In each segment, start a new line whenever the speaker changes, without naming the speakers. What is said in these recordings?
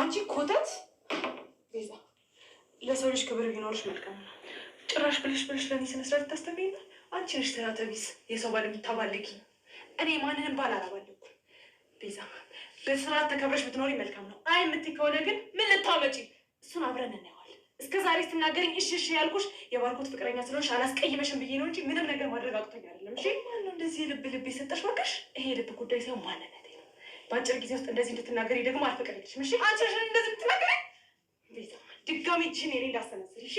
አንቺ ኮተት ቤዛ፣ ለሰው ልጅ ክብር ቢኖርሽ መልካም ነው። ጭራሽ ብለሽ ብለሽ ለእኔ ስነ ስርዓት አንቺ ነሽ ተናተቢስ የሰው ባል የምታባልቂ። እኔ ማንንም ባል አላባልኩ ቤዛ። በስርዓት ተከብረሽ ብትኖሪ መልካም ነው። አይ የምትይ ከሆነ ግን ምን ልታመጪ፣ እሱን አብረን እናየዋል እስከ ዛሬ ስትናገርኝ እሺ እሺ ያልኩሽ የባርኮት ፍቅረኛ ስለሆንሽ አላስቀይመሽም ብዬ ነው እንጂ ምንም ነገር ማድረግ አቅቶኝ አይደለም። እሺ እንደዚህ ልብ ልብ የሰጠሽ በቃሽ። ይሄ ልብ ጉዳይ ሳይሆን ማንነት በአጭር ጊዜ ውስጥ እንደዚህ እንድትናገሪ ደግሞ አልፈቀደችም። እሺ አንቺ እንደዚህ እንድትናገሪ ድጋሚ እጅን የኔ እንዳሰነስር። እሺ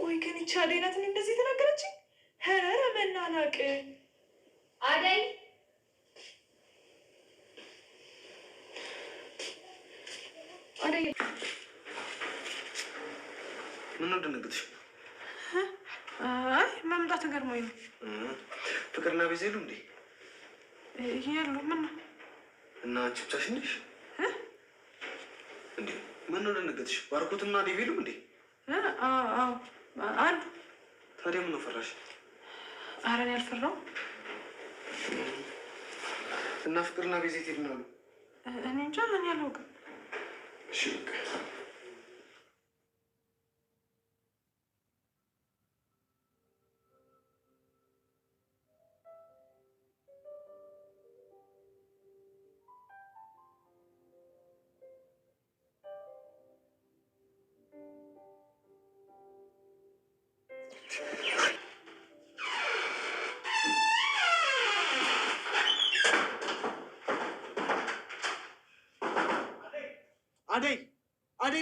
ቆይ ግን ይቻ ሌላትን እንደዚህ ተናገረች። ኧረ መናናቅ አደይ አደይ ምን ነው ደነገጥሽ? አይ መምጣት ገርሞኝ ነው ፍቅርና ቤዛ የሉ እንዴ? የሉ። ምን እና አንቺ ብቻሽን ነሽ እንዴ? ምን ነው ደነገጥሽ? ባርኮትና ዴቭ የሉም እንዴ? አሉ። ታዲያ ምን ነው ፈራሽ? ኧረ እኔ አልፈራሁም። እና ፍቅርና ቤዛ የት ሄድን አሉ? እኔ እንጃ። እኔ አላውቅም። እሺ በቃ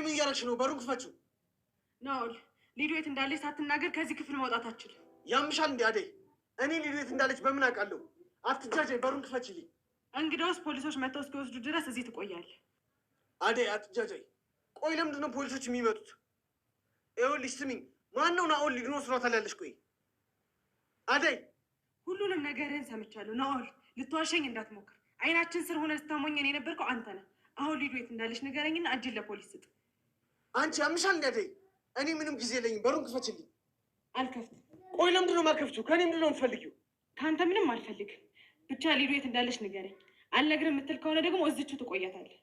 ምን እያደረግሽ ነው? በሩን ክፈችው። ናኦል ሊዱ የት እንዳለች ሳትናገር ከዚህ ክፍል መውጣት አችል። ያምሻል እንዲ አደይ፣ እኔ ሊዱ የት እንዳለች በምን አውቃለሁ? አትጃጃይ፣ በሩን ክፈችልኝ። እንግዳውስ ፖሊሶች መጥተው እስኪወስዱ ድረስ እዚህ ትቆያል። አደይ አትጃጃይ። ቆይ ለምንድን ነው ፖሊሶች የሚመጡት? ይኸውልሽ ስሚኝ፣ ማን ነው ናኦል ሊዱን ወስዷታል ያለሽ? ቆይ አደይ ሁሉንም ነገርህን ሰምቻለሁ። ናኦል ልትዋሸኝ እንዳትሞክር። አይናችን ስር ሆነ ልታሞኘን የነበርከው አንተ ነህ። አሁን ሊዱ የት እንዳለች ንገረኝና እጅን ለፖሊስ ስጥ። አንቺ አምሻል እንዲያደይ እኔ ምንም ጊዜ የለኝም። በሩን ክፈችልኝ። አልከፍትም። ቆይ ለምንድን ነው የማትከፍቺው? ከእኔ ምንድን ነው የምትፈልጊው? ከአንተ ምንም አልፈልግም። ብቻ ሊዱ የት እንዳለች ንገረኝ። አልነግርም የምትል ከሆነ ደግሞ እዚችው ትቆያታለህ።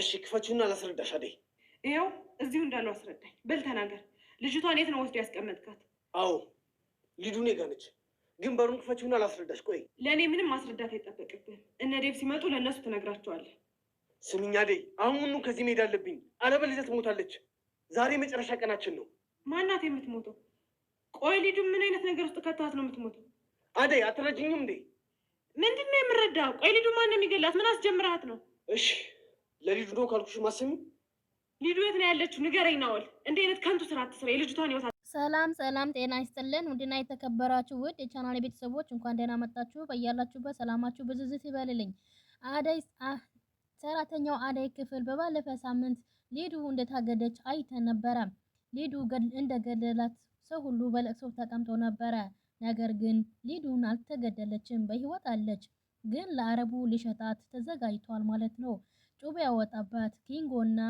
እሺ ክፈችና ላስረዳሽ። አደይ ይኸው እዚሁ እንዳለው አስረዳኝ። በል ተናገር። ልጅቷን የት ነው ወስዶ ያስቀመጥካት? አዎ ሊዱ እኔ ጋር ነች፣ ግን በሩን ክፈችና ላስረዳሽ። ቆይ ለእኔ ምንም ማስረዳት አይጠበቅብህም። እነ ዴቭ ሲመጡ ለእነሱ ትነግራቸዋለህ። ስሚኝ አደይ፣ አሁኑ ከዚህ መሄድ አለብኝ፣ አለበለዚያ ትሞታለች። ዛሬ መጨረሻ ቀናችን ነው። ማናት የምትሞተው? ቆይ ልጁ ምን አይነት ነገር ውስጥ ከተሃት ነው የምትሞተው? አደይ አትረጅኝም እንዴ? ምንድን ነው የምረዳው? ቆይ ልጁ ማን ነው የሚገላት? ምን አስጀምረሃት ነው? እሺ ለልጁ ነው ካልኩሽ ማሰሚ ልጁ የት ነው ያለችው? ንገረኝ ናወል። እንዲህ አይነት ከንቱ ስራ አትስራ። የልጅቷን ይወታ
ሰላም ሰላም፣ ጤና ይስጥልን ውድና የተከበራችሁ ውድ የቻናሌ ቤተሰቦች እንኳን ደህና መጣችሁ። በያላችሁበት ሰላማችሁ ብዝዝት ይበልልኝ። አደይ ሰራተኛው አደይ ክፍል በባለፈ ሳምንት ሊዱ እንደታገደች አይተን ነበረ። ሊዱ እንደገደላት ሰው ሁሉ በለቅሶ ተቀምጦ ነበረ። ነገር ግን ሊዱን አልተገደለችም፣ በህይወት አለች። ግን ለአረቡ ሊሸጣት ተዘጋጅቷል ማለት ነው። ጩቤ ያወጣባት ኪንጎና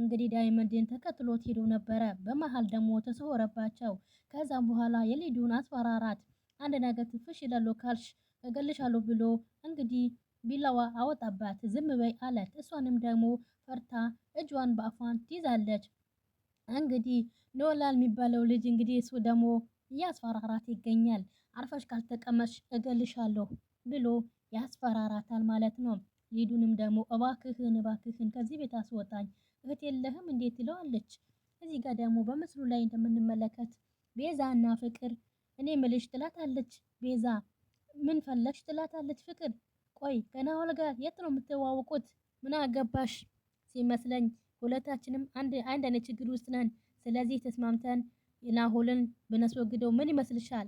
እንግዲህ ዳይመንድን ተከትሎት ሄዶ ነበረ። በመሀል ደግሞ ተሰወረባቸው። ከዛም በኋላ የሊዱን አስፈራራት። አንድ ነገር ትንፍሽ ይላሉ ካልሽ እገልሻለሁ ብሎ እንግዲህ ቢላዋ አወጣባት። ዝም በይ አላት። እሷንም ደግሞ ፈርታ እጇን በአፏን ትይዛለች። እንግዲህ ኖላል የሚባለው ልጅ እንግዲህ እሱ ደግሞ እያስፈራራት ይገኛል። አርፈሽ ካልተቀመሽ እገልሻለሁ ብሎ ያስፈራራታል ማለት ነው። ሊዱንም ደግሞ እባክህን እባክህን ከዚህ ቤት አስወጣኝ እህት የለህም እንዴት ትለዋለች። እዚህ ጋር ደግሞ በምስሉ ላይ እንደምንመለከት ቤዛና ፍቅር እኔ ምልሽ ትላታለች። ቤዛ ምን ፈለግሽ ትላታለች ፍቅር ቆይ ከና ጋር የት ነው የምትዋወቁት? ምን አገባሽ? ሲመስለኝ ሁለታችንም አንድ አንድ አይነት ችግር ውስጥ ነን። ስለዚህ ተስማምተን ናሆልን ብናስወግደው ምን ይመስልሻል?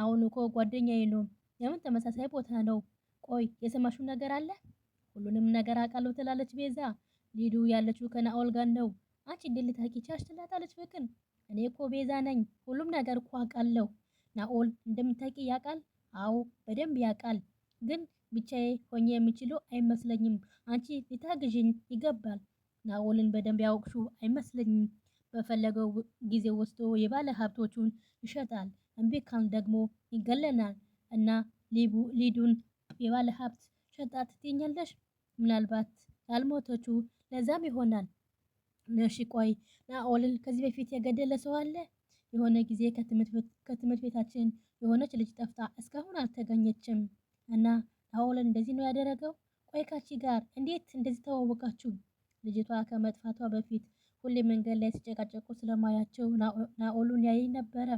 አሁን እኮ ጓደኛዬ ነው። የምን ተመሳሳይ ቦታ ነው። ቆይ የሰማሽው ነገር አለ? ሁሉንም ነገር አውቃለሁ ትላለች ቤዛ። ሊዱ ያለችው ከናኦል ጋር ነው። አንቺ እንዴት ልታውቂ ቻልሽ? ትላታለች ፍቅር። እኔ እኮ ቤዛ ነኝ። ሁሉም ነገር እኮ አውቃለሁ። ናኦል እንደምታውቂ ያውቃል። አዎ በደንብ ያውቃል። ግን ብቻዬ ሆኜ የምችለው አይመስለኝም። አንቺ ልታግዥኝ ይገባል። ናወልን በደንብ ያወቅሹ አይመስለኝም። በፈለገው ጊዜ ወስዶ የባለ ሀብቶቹን ይሸጣል። እምቢ ደግሞ ይገለናል። እና ሊዱን የባለ ሀብት ሸጣ ትገኛለሽ። ምናልባት ያልሞተችው ለዛም ይሆናል። ነሺ ቆይ ናኦልን ከዚህ በፊት የገደለ ሰው አለ? የሆነ ጊዜ ከትምህርት ቤታችን የሆነች ልጅ ጠፍታ እስካሁን አልተገኘችም እና አሁን እንደዚህ ነው ያደረገው። ቆይ ካቺ ጋር እንዴት እንደዚህ ተዋወቃችሁ? ልጅቷ ከመጥፋቷ በፊት ሁሌ መንገድ ላይ ሲጨቃጨቁ ስለማያቸው ናኦሉን ያይ ነበረ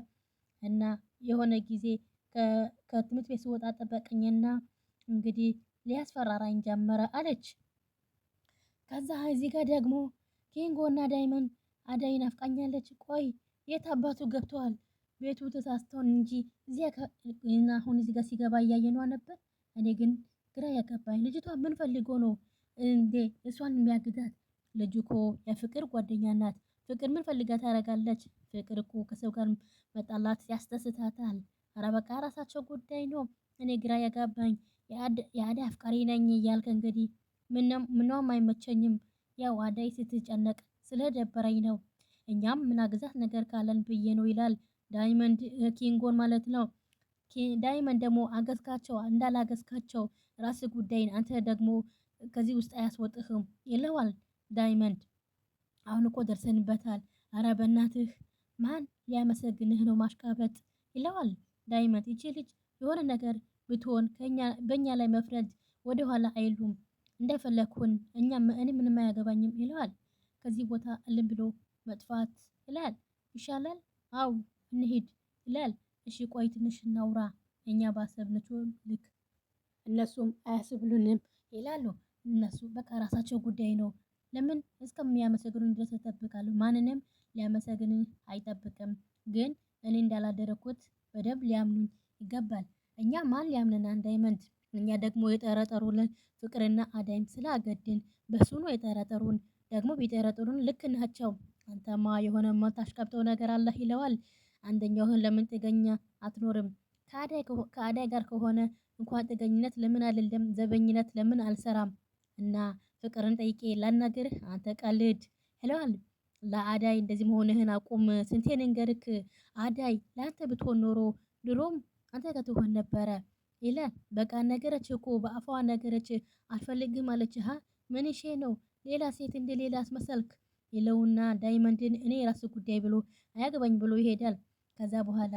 እና የሆነ ጊዜ ከትምህርት ቤት ስወጣ ጠበቀኝና እንግዲህ ሊያስፈራራኝ ጀመረ አለች። ከዛ እዚህ ጋር ደግሞ ኪንጎና ዳይመን አዳይ ናፍቃኛለች። ቆይ የት አባቱ ገብተዋል? ቤቱ ተሳስተውን እንጂ እዚያ አሁን እዚህ ጋር ሲገባ እያየኗ ነበር። እኔ ግን ግራ ያጋባኝ ልጅቷ ምን ፈልጎ ነው እንዴ እሷን የሚያግዳት? ልጅ እኮ የፍቅር ጓደኛ ናት። ፍቅር ምን ፈልጋ ታደርጋለች? ፍቅር እኮ ከሰው ጋር መጣላት ያስደስታታል። አረ በቃ ራሳቸው ጉዳይ ነው። እኔ ግራ ያጋባኝ የአደይ አፍቃሪ ነኝ እያልክ እንግዲህ ምንም አይመቸኝም። ያው አደይ ስትጨነቅ ስለደበረኝ ነው። እኛም ምናግዛት ነገር ካለን ብዬ ነው ይላል ዳይመንድ ኪንጎን ማለት ነው። ዳይመን ደግሞ አገዝካቸው እንዳላገዝካቸው ራስ ጉዳይን አንተ ደግሞ ከዚህ ውስጥ አያስወጥህም ይለዋል ዳይመንድ። አሁን እኮ ደርሰንበታል። አረ በእናትህ ማን ሊያመሰግንህ ነው ማሽካበጥ ይለዋል ዳይመንድ። ይቺ ልጅ የሆነ ነገር ብትሆን በእኛ ላይ መፍረድ ወደኋላ አይሉም። እንደፈለግኩን እኛም እኔ ምንም አያገባኝም ይለዋል። ከዚህ ቦታ እልም ብሎ መጥፋት ይላል ይሻላል። አው እንሂድ ይላል። እሺ ቆይ ትንሽ እናውራ፣ እኛ ባሰብነችው ልክ እነሱም አያስብሉንም ይላሉ። እነሱ በቃ ራሳቸው ጉዳይ ነው። ለምን እስከሚያመሰግኑን ድረስ ይጠብቃሉ። ማንንም ሊያመሰግን አይጠብቅም። ግን እኔ እንዳላደረኩት በደንብ ሊያምኑኝ ይገባል። እኛ ማን ሊያምነናን? ዳይመንድ እኛ ደግሞ የጠረጠሩልን ፍቅርና አዳይም ስላገድን በሱ ነው የጠረጠሩን። ደግሞ ቢጠረጥሩን ልክ ናቸው። አንተማ የሆነ ታሽቀብጠው ነገር አለህ ይለዋል። አንደኛውን ለምን ጥገኛ አትኖርም? ከአዳይ ጋር ከሆነ እንኳን ጥገኝነት ለምን አልልም? ዘበኝነት ለምን አልሰራም? እና ፍቅርን ጠይቄ ላናግርህ አንተ ቀልድ ይለዋል። ለአዳይ እንደዚህ መሆንህን አቁም፣ ስንቴ ንንገርክ? አዳይ ለአንተ ብትሆን ኖሮ ድሮም አንተ ከትሆን ነበረ ይለ በቃ ነገረች እኮ በአፏ ነገረች። አልፈልግም አለች። ሀ ምን ሼ ነው ሌላ ሴት እንደ ሌላ አስመሰልክ ይለውና ዳይመንድን እኔ የራስ ጉዳይ ብሎ አያገባኝ ብሎ ይሄዳል። ከዛ በኋላ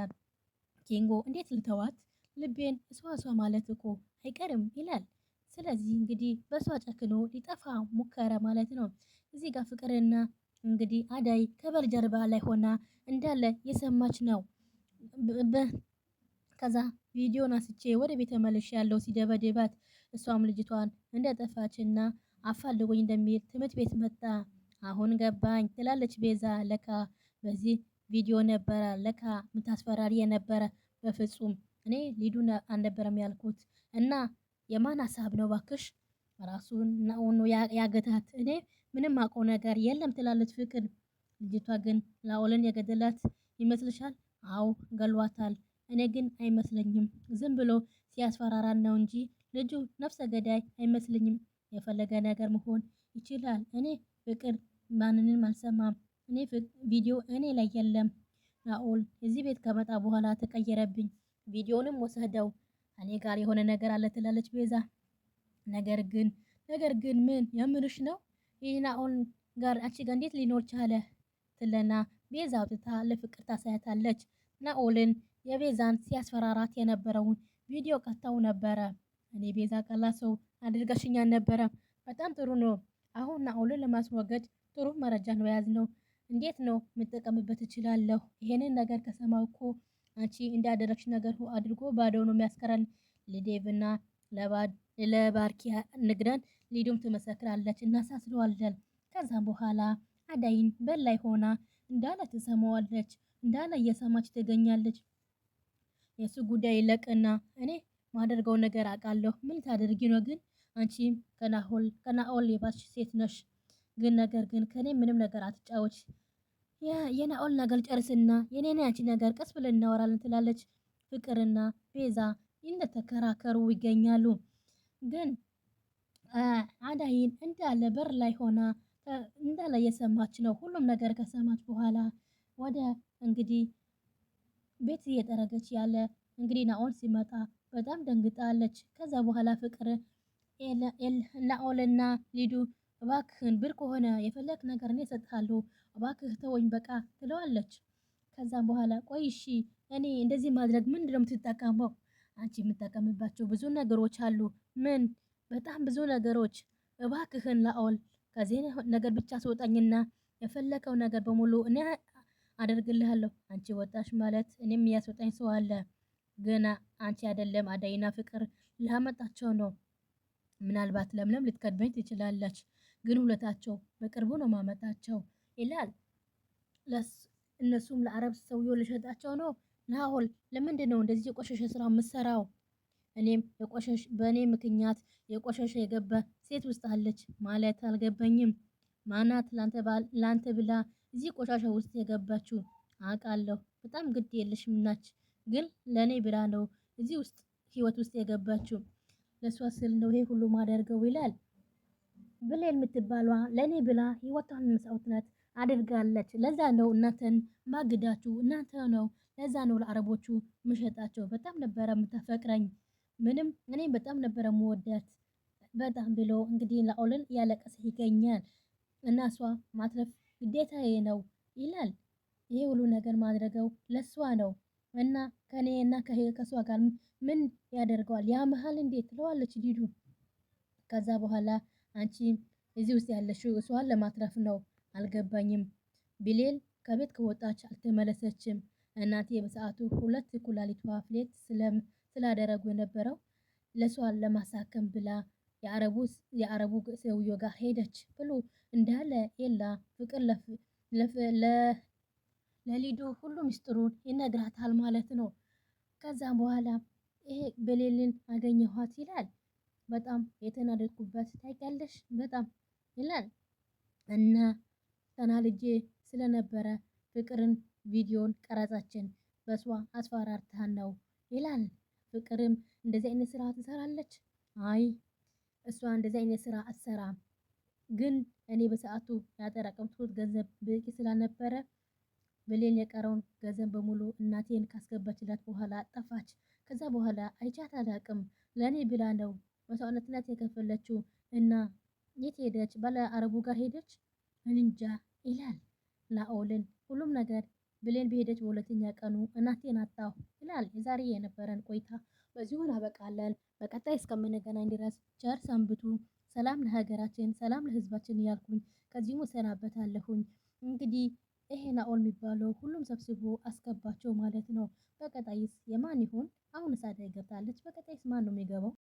ኪንጎ እንዴት ልተዋት ልቤን እሷ ማለት እኮ አይቀርም ይላል። ስለዚህ እንግዲህ በእሷ ጨክኖ ሊጠፋ ሙከረ ማለት ነው። እዚህ ጋር ፍቅርና እንግዲህ አዳይ ጀርባ ላይ ሆና እንዳለ የሰማች ነው። ከዛ ቪዲዮን አስቼ ወደ ቤተ መልሽ ያለው ሲደበደባት እሷም ልጅቷን እንደጠፋችና አፋልጎኝ እንደሚል ትምህርት ቤት መጣ። አሁን ገባኝ ትላለች ቤዛ ለካ በዚህ ቪዲዮ ነበረ ለካ የምታስፈራሪ የነበረ በፍጹም እኔ ሊዱን አልነበረም ያልኩት እና የማን ሀሳብ ነው ባክሽ? ራሱን ነው ያገታት። እኔ ምንም አውቀው ነገር የለም ትላለች ፍቅር። ልጅቷ ግን ናኦልን የገደላት ይመስልሻል? አው ገሏታል። እኔ ግን አይመስለኝም፣ ዝም ብሎ ሲያስፈራራን ነው እንጂ ልጁ ነፍሰ ገዳይ አይመስለኝም። የፈለገ ነገር መሆን ይችላል። እኔ ፍቅር ማንንም አልሰማም። እኔ ቪዲዮ እኔ ላይ የለም። ናኦል እዚህ ቤት ከመጣ በኋላ ተቀየረብኝ። ቪዲዮንም ወሰደው። እኔ ጋር የሆነ ነገር አለ ትላለች ቤዛ። ነገር ግን ነገር ግን ምን የምርሽ ነው? ይህ ናኦል ጋር አንቺ ጋር እንዴት ሊኖር ቻለ? ትለና ቤዛ አውጥታ ለፍቅር ታሳያታለች። ናኦልን የቤዛን ሲያስፈራራት የነበረውን ቪዲዮ ቀጥታው ነበረ። እኔ ቤዛ ቀላ ሰው አድርጋሽኛል ነበረ። በጣም ጥሩ ነው። አሁን ናኦልን ለማስወገድ ጥሩ መረጃ ነው የያዝነው። እንዴት ነው የምጠቀምበት እችላለሁ? ይሄንን ነገር ከሰማው እኮ አንቺ እንዳደረግሽ ነገር አድርጎ ባዶ ነው የሚያስቀረን። ለዴቭና ለባርኪ ንግረን ሊዱም ትመሰክራለች፣ እናሳስለዋለን። ከዛም በኋላ አዳይን በላይ ሆና እንዳለ ትሰማዋለች፣ እንዳለ እየሰማች ትገኛለች። የእሱ ጉዳይ ይለቅና እኔ ማደርገው ነገር አውቃለሁ። ምን ታደርጊ ነው ግን አንቺም ከናኦል የባስሽ ሴት ነሽ ግን ነገር ግን ከኔ ምንም ነገር አትጫወች፣ የናኦል ነገር ጨርስና የኔን ያንቺ ነገር ቀስ ብለን እናወራለን ትላለች። ፍቅርና ቤዛ እንደተከራከሩ ይገኛሉ። ግን አዳይን እንዳለ በር ላይ ሆና እንዳለ የሰማች ነው። ሁሉም ነገር ከሰማች በኋላ ወደ እንግዲህ ቤት እየጠረገች ያለ እንግዲህ ናኦል ሲመጣ በጣም ደንግጣለች። ከዛ በኋላ ፍቅር ናኦልና ሊዱ እባክህን ብር ከሆነ የፈለክ ነገር እኔ እሰጥሃለሁ፣ እባክህ ተወኝ በቃ ትለዋለች። ከዛም በኋላ ቆይ እሺ እኔ እንደዚህ ማድረግ ምንድን ነው የምትጠቀመው? አንቺ የምጠቀምባቸው ብዙ ነገሮች አሉ። ምን? በጣም ብዙ ነገሮች። እባክህን ላኦል ከዚህ ነገር ብቻ ስወጣኝና የፈለከው ነገር በሙሉ እኔ አደርግልሃለሁ። አንቺ ወጣሽ ማለት እኔም የሚያስወጣኝ ሰው አለ። ገና አንቺ አይደለም አዳይና ፍቅር ላመጣቸው ነው። ምናልባት ለምለም ልትከድበኝ ትችላለች። ግን ሁለታቸው በቅርቡ ነው ማመጣቸው ይላል። እነሱም ለአረብ ሰውየ ልሸጣቸው ነው። ናሆል ለምንድን ነው እንደዚህ የቆሸሸ ስራ ምሰራው እኔም የቆሸሽ በእኔ ምክንያት የቆሸሸ የገባ ሴት ውስጥ አለች ማለት አልገባኝም። ማናት ላንተ ብላ እዚህ ቆሻሻ ውስጥ የገባችው? አውቃለሁ በጣም ግድ የለሽም ናች፣ ግን ለእኔ ብላ ነው እዚህ ውስጥ ህይወት ውስጥ የገባችው። ለእሷ ስል ነው ይሄ ሁሉ ማደርገው ይላል። ብሌን የምትባሏ ለእኔ ብላ ህይወቷን መስዋዕትነት አድርጋለች። ለዛ ነው እናንተን ማግዳችሁ፣ እናንተ ነው ለዛ ነው ለአረቦቹ ምሸጣቸው። በጣም ነበረ የምታፈቅረኝ ምንም እኔም በጣም ነበረ የምወዳት በጣም ብሎ እንግዲህ ለኦልን እያለቀሰ ይገኛል። እና እሷ ማትረፍ ግዴታዬ ነው ይላል። ይሄ ሁሉ ነገር ማድረገው ለእሷ ነው እና ከኔ እና ከሷ ጋር ምን ያደርገዋል? ያ መሀል እንዴት ትለዋለች ዲዱ ከዛ በኋላ አንቺ እዚህ ውስጥ ያለሽው እሷን ለማትረፍ ነው አልገባኝም ቢሌል ከቤት ከወጣች አልተመለሰችም። እናቴ በሰዓቱ ሁለት ኩላሊቷ ፍሌት ስላደረጉ የነበረው ለሷን ለማሳከም ብላ የአረቡ ሰውዮ ጋር ሄደች ብሎ እንዳለ ኤላ ፍቅር ለሊዱ ሁሉ ምስጢሩን ይነግራታል ማለት ነው። ከዛም በኋላ ይሄ ቢሌልን አገኘኋት ይላል። በጣም የተናደድኩበት ታይቀለሽ በጣም ይላል እና ተናድጄ ስለነበረ ፍቅርን ቪዲዮን ቀረጻችን በሷ አስፈራርታን ነው ይላል። ፍቅርም እንደዚህ አይነት ስራ ትሰራለች። አይ እሷ እንደዚህ አይነት ስራ አትሰራም፣ ግን እኔ በሰዓቱ ያጠራቀምኩት ገንዘብ በቂ ስላልነበረ በሌል የቀረውን ገንዘብ በሙሉ እናቴን ካስገባችላት በኋላ ጠፋች። ከዛ በኋላ አይቻት አላቅም ለእኔ ብላ ነው መስዋዕትነት የከፈለችው እና የት ሄደች? ባለ አረቡ ጋር ሄደች እንጃ ይላል ናኦልን። ሁሉም ነገር ብሌን በሄደች በሁለተኛ ቀኑ እናቴን አጣሁ ይላል። የዛሬ የነበረን ቆይታ በዚሁ እናበቃለን። በቀጣይ እስከምንገናኝ ድረስ ቸር ሰንብቱ። ሰላም ለሀገራችን፣ ሰላም ለህዝባችን እያልኩኝ ከዚሁ እሰናበታለሁኝ። እንግዲህ ይሄ ናኦል የሚባለው ሁሉም ሰብስቦ አስገባቸው ማለት ነው። በቀጣይስ የማን ይሁን? አሁን እሳት ገብታለች። በቀጣይስ ማን ነው የሚገባው?